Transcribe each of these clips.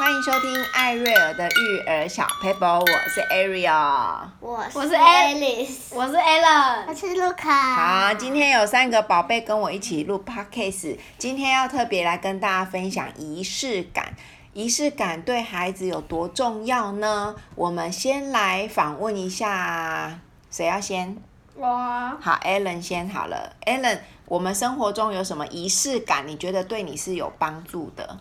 歡迎收聽艾瑞爾的育兒小 paper，我是 Ariel，我是 Alice，我是 Allen，我，我是 Luke，好，今天有三個寶貝跟我一起錄 podcast，今天要特別來跟大家分享儀式感，儀式感對孩子有多重要呢？我們先來訪問一下，誰要先？我哇。好，Allen 先好了。Allen，我們生活中有什麼儀式感？你覺得對你是有幫助的？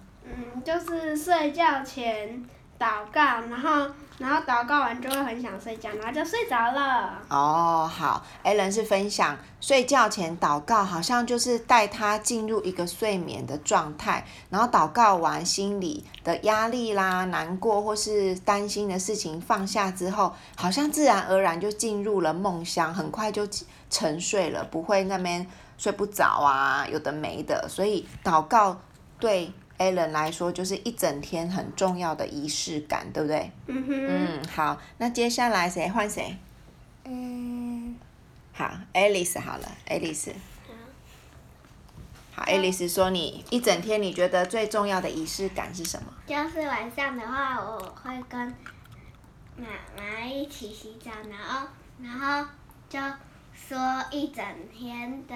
嗯，就是睡覺前禱告，然後然後禱告完之後很想睡覺，然後就睡着了。哦，好，Allen 是分享睡覺前禱告，好像就是帶他進入一個睡眠的狀態，然後禱告完，心裡的壓力啦、難過或是擔心的事情放下之後，好像自然而然就進入了夢鄉，很快就沉睡了，不會那邊睡不着啊，有的沒的，所以禱告對。Allen 來說，就是一整天很重要的儀式感，對不對？嗯哼。嗯，好，那接下來誰換誰？嗯。好，Alice 好了，Alice。好。好，Alice 說你：“你、哦、一整天你覺得最重要的儀式感是什麼？”就是晚上的話，我會跟媽媽一起洗澡，然後，然後就說一整天的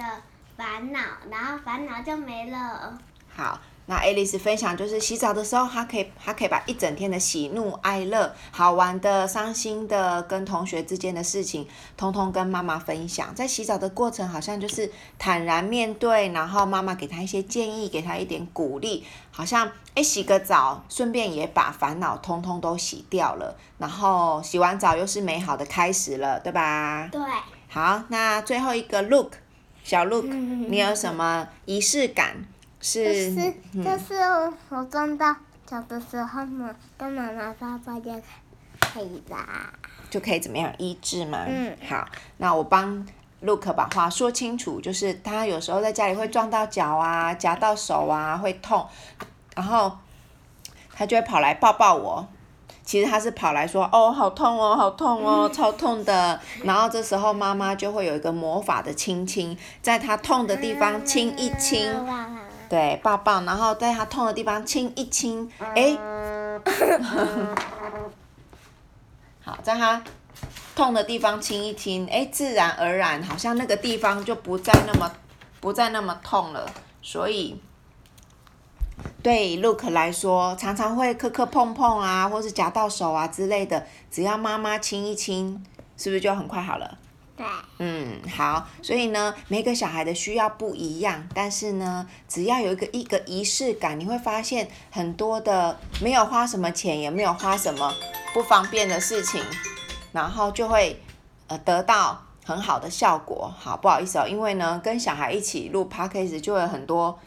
煩惱，然後煩惱就沒了。哦。好。那 Alice 分享，就是洗澡的時候，他可以，他可以把一整天的喜怒哀樂、好玩的、傷心的，跟同學之間的事情，通通跟媽媽分享。在洗澡的過程，好像就是坦然面對，然後媽媽給他一些建議，給他一點鼓勵，好像哎洗個澡，順便也把煩惱通通都洗掉了。然後洗完澡又是美好的開始了，對吧？對。好，那最後一個 Luke，小 Luke，你有什麼儀式感？是，就是，就是我，我撞到腳的時候嘛，跟媽媽抱抱就可以啦、啊。就可以怎麼樣醫治嘛？嗯，好，那我幫 Luke 把話說清楚，就是他有時候在家裡會撞到腳啊，夾到手啊，會痛，然後他就會跑來抱抱我。其實他是跑來說：“哦，好痛哦，好痛哦，嗯、超痛的。”然後這時候媽媽就會有一個魔法的親親，在他痛的地方親一親。嗯嗯嗯嗯嗯嗯對，抱抱，然後在他痛的地方親一親，哎， 好，在他痛的地方親一親，哎，自然而然，好像那個地方就不再那麼，不再那麼痛了。所以，對 Luke 來說，常常會磕磕碰碰啊，或是夾到手啊之類的，只要媽媽親一親，是不是就很快好了？對嗯，好，所以呢，每個小孩的需要不一樣，但是呢，只要有一個一個儀式感，你會發現很多的沒有花什麼錢，也沒有花什麼不方便的事情，然後就會呃得到很好的效果。好，不好意思哦，因為呢，跟小孩一起錄 podcast 就有很多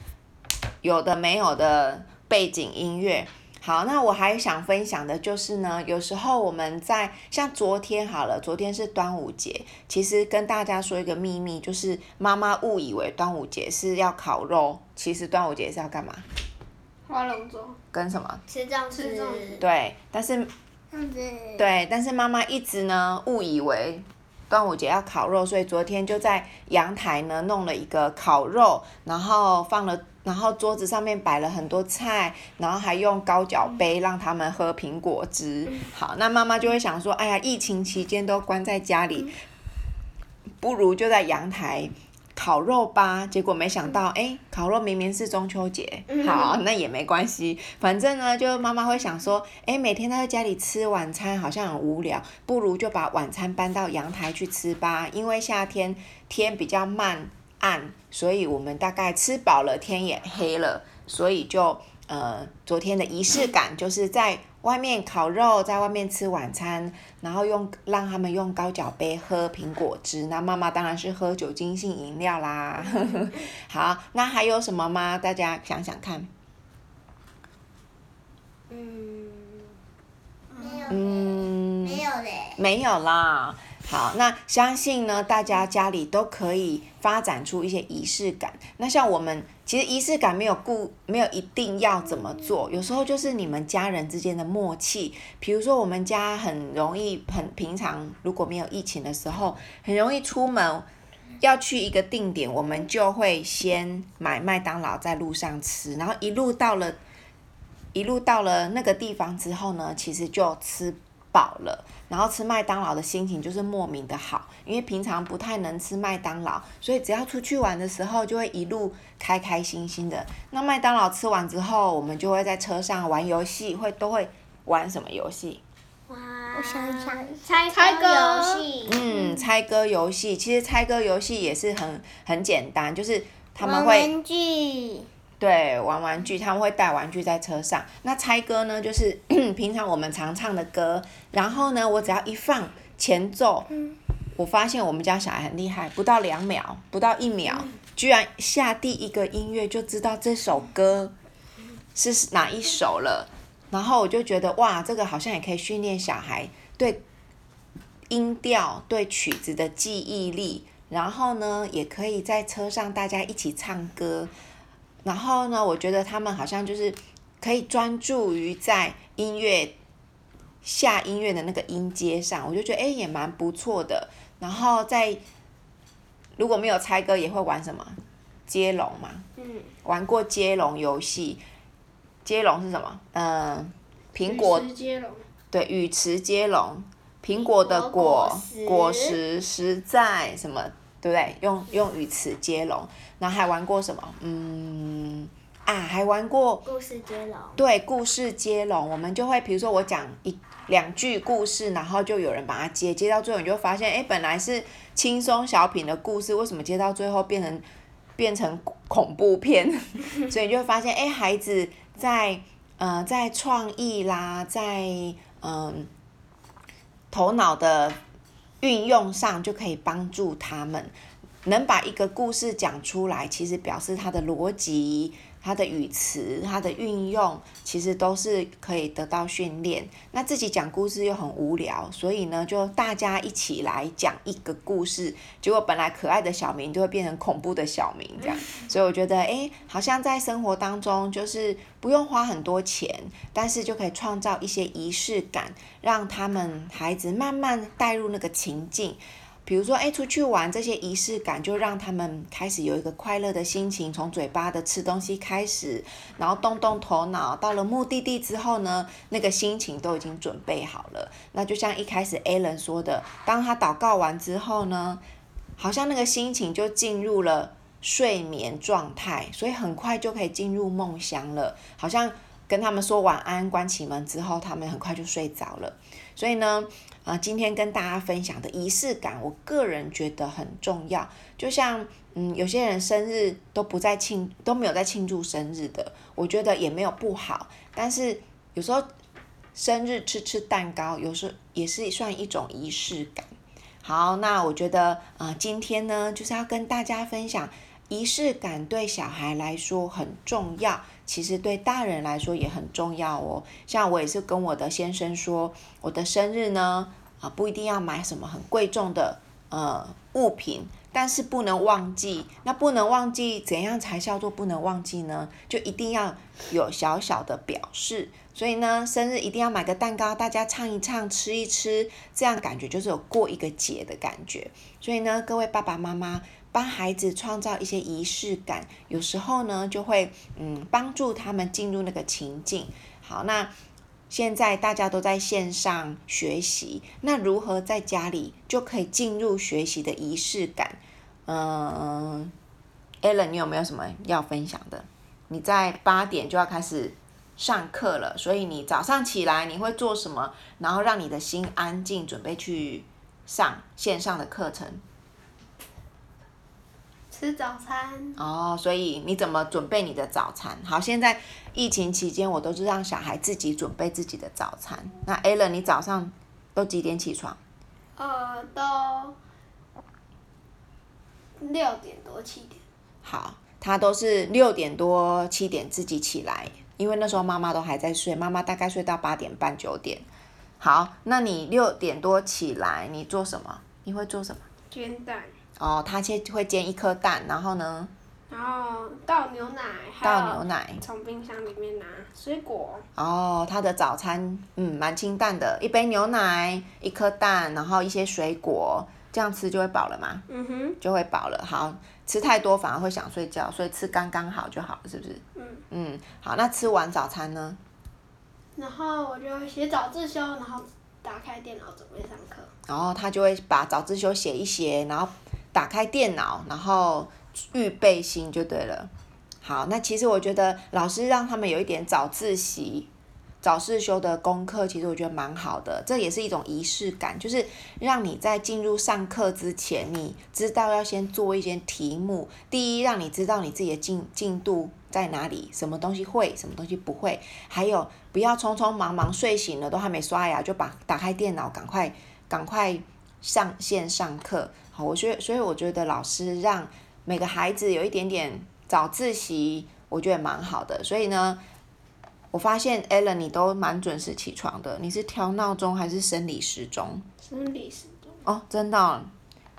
有的沒有的背景音樂。好，那我還想分享的就是呢，有時候我們在，像昨天好了，昨天是端午節，其實跟大家說一個秘密，就是媽媽誤以為端午節是要烤肉，其實端午節是要幹嘛？划龍舟跟什麼？吃粽子。對，但是。對，但是媽媽一直呢誤以為。端午節要烤肉，所以昨天就在陽台呢弄了一個烤肉，然後放了，然後桌子上面擺了很多菜，然後還用高腳杯讓他們喝蘋果汁。好，那媽媽就會想說：“哎呀，疫情期間都關在家裡，不如就在陽台。”烤肉吧，結果沒想到，哎、欸，烤肉明明是中秋節，好，那也沒關係，反正呢，就媽媽會想說，哎、欸，每天在家裡吃晚餐好像很無聊，不如就把晚餐搬到陽台去吃吧，因為夏天天比較慢暗，所以我們大概吃飽了，天也黑了，所以就呃，昨天的儀式感就是在。外面烤肉，在外面吃晚餐，然後用讓他們用高腳杯喝蘋果汁，那媽媽當然是喝酒精性飲料啦。 好，那還有什麼嗎？大家想想看。嗯，沒有了，沒有啦。好，那相信呢，大家家裡都可以發展出一些儀式感。那像我們，其實儀式感沒有固，沒有一定要怎麼做，有時候就是你們家人之間的默契。比如說，我們家很容易，很平常，如果沒有疫情的時候，很容易出門要去一個定點，我們就會先買麥當勞在路上吃，然後一路到了，一路到了那個地方之後呢，其實就吃。飽了，然後吃麥當勞的心情就是莫名的好，因為平常不太能吃麥當勞，所以只要出去玩的時候就會一路開開心心的。那麥當勞吃完之後，我們就會在車上玩遊戲，會都會玩什麼遊戲？哇，我想想，猜，猜歌遊戲。嗯，猜歌遊戲，其實猜歌遊戲也是很很簡單，就是他們會。玩具。對，玩玩具，他們會帶玩具在車上。那猜歌呢，就是 平常我們常唱的歌。然後呢，我只要一放前奏，我發現我們家小孩很厲害，不到兩秒，不到一秒，居然下第一個音樂就知道這首歌是哪一首了。然後我就覺得哇，這個好像也可以訓練小孩對音調、對曲子的記憶力。然後呢，也可以在車上大家一起唱歌。然後呢，我覺得他們好像就是可以專注於在音樂下音樂的那個音階上，我就覺得哎，也蠻不錯的。然後在如果沒有猜歌，也會玩什麼接龍嘛？嗯，玩過接龍遊戲，接龍是什麼？嗯，蘋果。語詞接龍。對，語詞接龍，蘋果的果，果，果，實果實實在什麼？對不對？用用語詞接龍，然後還玩過什麼？嗯啊，還玩過故事接龍。對，故事接龍，我們就會比如說，我講一兩句故事，然後就有人把它接，接到最後你就發現，哎，本來是輕鬆小品的故事，為什麼接到最後變成變成恐怖片？ 所以你就發現，哎，孩子在嗯、呃、在創意啦，在嗯、呃、頭腦的。運用上就可以幫助他們，能把一個故事講出來，其實表示他的邏輯。它的語詞，它的運用，其實都是可以得到訓練。那自己講故事又很無聊，所以呢，就大家一起來講一個故事。結果本來可愛的小明就會變成恐怖的小明這樣。所以我覺得，哎、欸，好像在生活當中，就是不用花很多錢，但是就可以創造一些儀式感，讓他們孩子慢慢帶入那個情境。比如說，誒，出去玩這些儀式感，就讓他們開始有一個快樂的心情，從嘴巴的吃東西開始，然後動動頭腦。到了目的地之後呢，那個心情都已經準備好了。那就像一開始 Allen 說的，當他禱告完之後呢，好像那個心情就進入了睡眠狀態，所以很快就可以進入夢鄉了，好像。跟他們說晚安，關起門之後，他們很快就睡着了。所以呢，啊、呃，今天跟大家分享的儀式感，我個人覺得很重要。就像，嗯，有些人生日都不在慶，都沒有在慶祝生日的，我覺得也沒有不好。但是有時候生日吃吃蛋糕，有時候也是算一種儀式感。好，那我覺得，啊、呃，今天呢，就是要跟大家分享。儀式感對小孩來說很重要，其實對大人來說也很重要哦。像我也是跟我的先生說，我的生日呢，啊，不一定要買什麼很貴重的呃物品，但是不能忘記。那不能忘記怎樣才叫做不能忘記呢？就一定要有小小的表示。所以呢，生日一定要買個蛋糕，大家唱一唱，吃一吃，這樣感覺就是有過一個節的感覺。所以呢，各位爸爸媽媽。幫孩子創造一些儀式感，有時候呢就會嗯幫助他們進入那個情境。好，那現在大家都在線上學習，那如何在家裡就可以進入學習的儀式感？嗯，Allen，你有沒有什麼要分享的？你在八點就要開始上課了，所以你早上起來你會做什麼，然後讓你的心安靜，準備去上線上的課程。吃早餐哦，所以你怎麼準備你的早餐？好，現在疫情期間，我都是讓小孩自己準備自己的早餐。那 Allen，你早上都幾點起床？呃，都六點多七點。好，他都是六點多七點自己起來，因為那時候媽媽都還在睡，媽媽大概睡到八點半九點。好，那你六點多起來，你做什麼？你會做什麼？煎蛋。哦，他先會煎一顆蛋，然後呢？然後倒牛奶，倒牛奶，從冰箱裡面拿水果。哦，他的早餐嗯蠻清淡的，一杯牛奶，一顆蛋，然後一些水果，這樣吃就會飽了嗎？嗯哼，就會飽了。好，吃太多反而會想睡覺，所以吃剛剛好就好了，是不是？嗯。嗯，好，那吃完早餐呢？然後我就寫早自修，然後打開電腦準備上課。然後他就會把早自修寫一寫，然後。打開電腦，然後預備心就對了。好，那其實我覺得老師讓他們有一點早自習、早自修的功課，其實我覺得蠻好的。這也是一種儀式感，就是讓你在進入上課之前，你知道要先做一些題目。第一，讓你知道你自己的進進度在哪裡，什麼東西會，什麼東西不會。還有，不要匆匆忙忙，睡醒了都還沒刷牙，就把打開電腦，趕快，趕快。上線上課，好，我覺，所以我覺得老師讓每個孩子有一點點早自習，我覺得蠻好的。所以呢，我發現 Allen 你都蠻準時起床的，你是調鬧鐘還是生理時鐘？生理時鐘哦，真的、哦、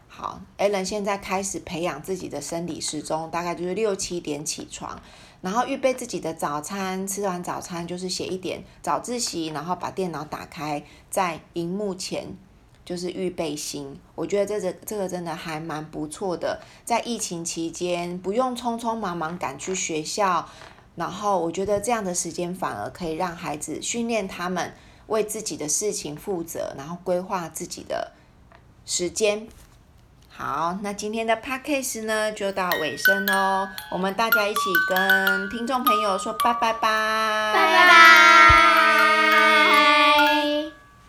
好，Allen 現在開始培養自己的生理時鐘，大概就是六七點起床，然後預備自己的早餐，吃完早餐就是寫一點早自習，然後把電腦打開，在熒幕前。就是預備心，我覺得這這個、這個真的還蠻不錯的。在疫情期間，不用匆匆忙忙趕去學校，然後我覺得這樣的時間反而可以讓孩子訓練他們為自己的事情負責，然後規劃自己的時間。好，那今天的 podcast 呢就到尾聲嘍，我們大家一起跟聽眾朋友說拜拜拜拜拜。Bye bye bye